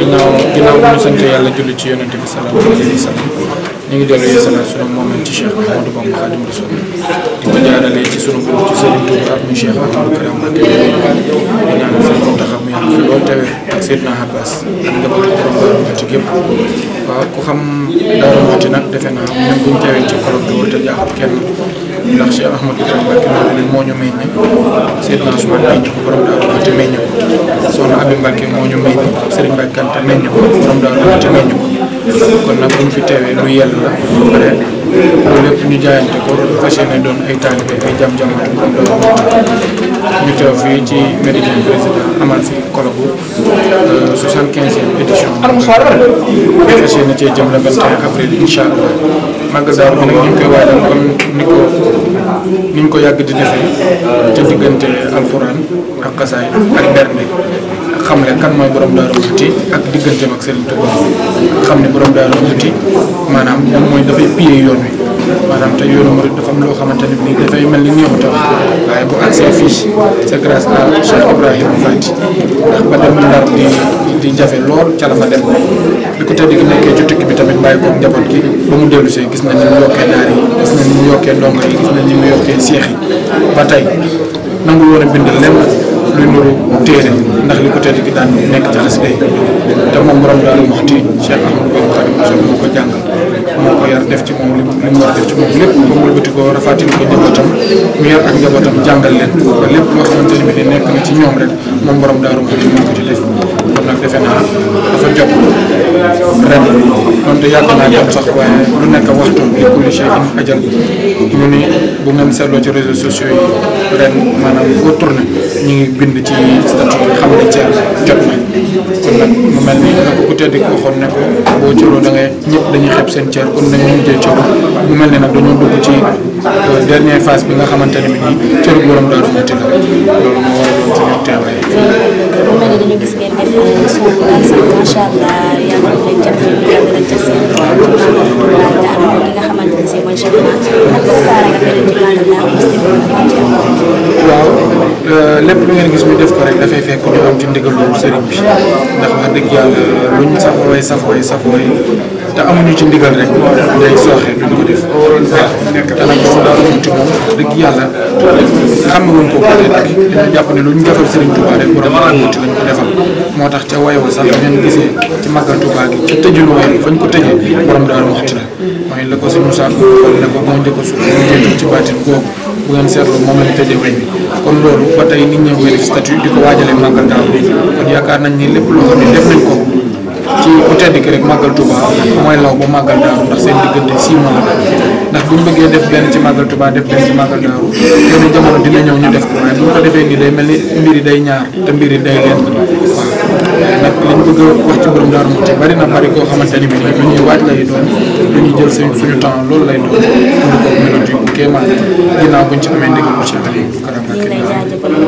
ginnaaw ginnaaw bi ñu sant yàlla julli ci yonent bi sallallahu alayhi wa sallam ñu ngi dellu yeesalaat sunu moom ci Cheikh Ahmadou Bamba Khadim Rasoul di ko jaarale ci sunu bopp ci Serigne Touba ak mu Cheikh Ahmadou Karam ak di ñaanal seen Muntaxa mu yàgg fi lool tawee ak Seydina Abbas ak njaboot borom Daaru Muxti gépp waaw ku xam Daaru Muxti nag defe naa même bu ñu tawee ci colloque bi war te jaaxal kenn ndax Cheikh Ahmadou Karam Mbacké moo ñu meññ Seydina Ousmane meññ ko borom Daaru Muxti meññ ko Soxna Abi Mbacké moo ñu meññ Serigne Mbacké Kanta meññ ko borom Daaru Muxti meññ buñ fi teewee lu yell la lu bare loolu lépp ñu jaayante ko fas yéene doon ay taalibe ay jam-jamatu kon ñu teew fii ci Méridien Président amal fi kolobu 75e euh, édition fas yéene cee jëm le 21 avril incha allah magasin bi nag ñu ko yàgg di defee ca diggante alxuraan ak kasaay ak bernde xamle kan mooy borom Daaru Muxti ak digganteem ak Serigne Touba xam ne borom Daaru Muxti maanaam moom mooy dafay piyee yoon wi maanaam te yoonu murid dafa am loo xamante ne nii dafay mel ni néexutal waaye bu accès fii c'est grâce à Cheikh Ibrahima Fati ndax ba dem Ndar di di jafe lool ca la fa bi ko bi tamit bàyyi koog njaboot gi ba mu dellu see gis na ni mu yokkee naar yi gis na ni mu yokkee ndongo yi gis nañ ni mu yokkee seex yi ba tey nangu woon bind lenn luy nuru téere ndax li ko teel gi daan nekk ci xasida yi te moom borom daal wax ti Cheikh Ahmadou Bamba Xaadimu Rasuul ko jàngal moo ko yar def ci moom li mu war a def ci moom lépp ba wëlbati ko rafaatin ko njabootam mu yar ak njabootam jàngal leen ba lépp loo xamante ne bii nekk na ci ñoom rek moom borom daaru moo ko ci def kon nag defe naa dafa jot ren donte yàgg naa jot sax waaye lu nekk waxtu bi kulli shay'in ajal ñu ni bu ngeen seetloo ci réseaux sociaux yi ren maanaam foo tourné ñu ngi bind ci statut bi xam ne ceeb jot na kon nag mu mel ni nag ku ko waxoon ne ko boo cëroo da ngay ñëpp dañuy xeeb seen ceeb kon nañu mujjee cëru mu mel ni nag dañoo dugg ci euh, dernière phase bi nga xamante ne bi nii cëru borom daal ma ci loolu moo waral ci teewaay. waaw euh, lépp lu ngeen gis ñu def ko rek dafay fekk ñu am ci ndigalu sëriñ bi ndax wax dëgg yàlla luñ safooy safooy safooy te amuñu ci ndigal rek day sooxee duñu ko def nekk ko moom daal moom ci moom dëgg yàlla xam nga woon ko peut être ne lu ñu defal Serigne Touba rek borom ci lañ ko defal moo tax ca wayewa sax ngeen gisee ci màggal Touba gi ci tëjul wayel fañ ko tëjee borom daal waxtu la mooy la ko si Moussa Diouf ne ko moo njëkk a suuf moo njëkk ci baatin googu bu ngeen seetlu moom lañ tëjee weñ bi kon loolu ba tey nit ñi koy def di ko waajalee màggal daal kon yaakaar nañ ni lépp loo xam ne def nañ ko ci ku tedd ki rek màggal Touba mooy law ba màggal daaru ndax seen diggante six mois la ndax bu ñu bëggee def benn ci màggal Touba def benn ci màggal daaru yenn jamono dina ñëw ñu def ko waaye bu ñu ko defee nii day mel ni mbir yi day ñaar te mbir yi day leen waaw nag liñ bëgg a wax ci borom daaru ci bari na bari koo xamante ni bi lu ñuy waaj lay doon lu ñuy jël suñu suñu temps loolu lay doon pour ko melodi bu kéemaan ginnaaw buñ ci amee ndigal bu ci Aliou Karamba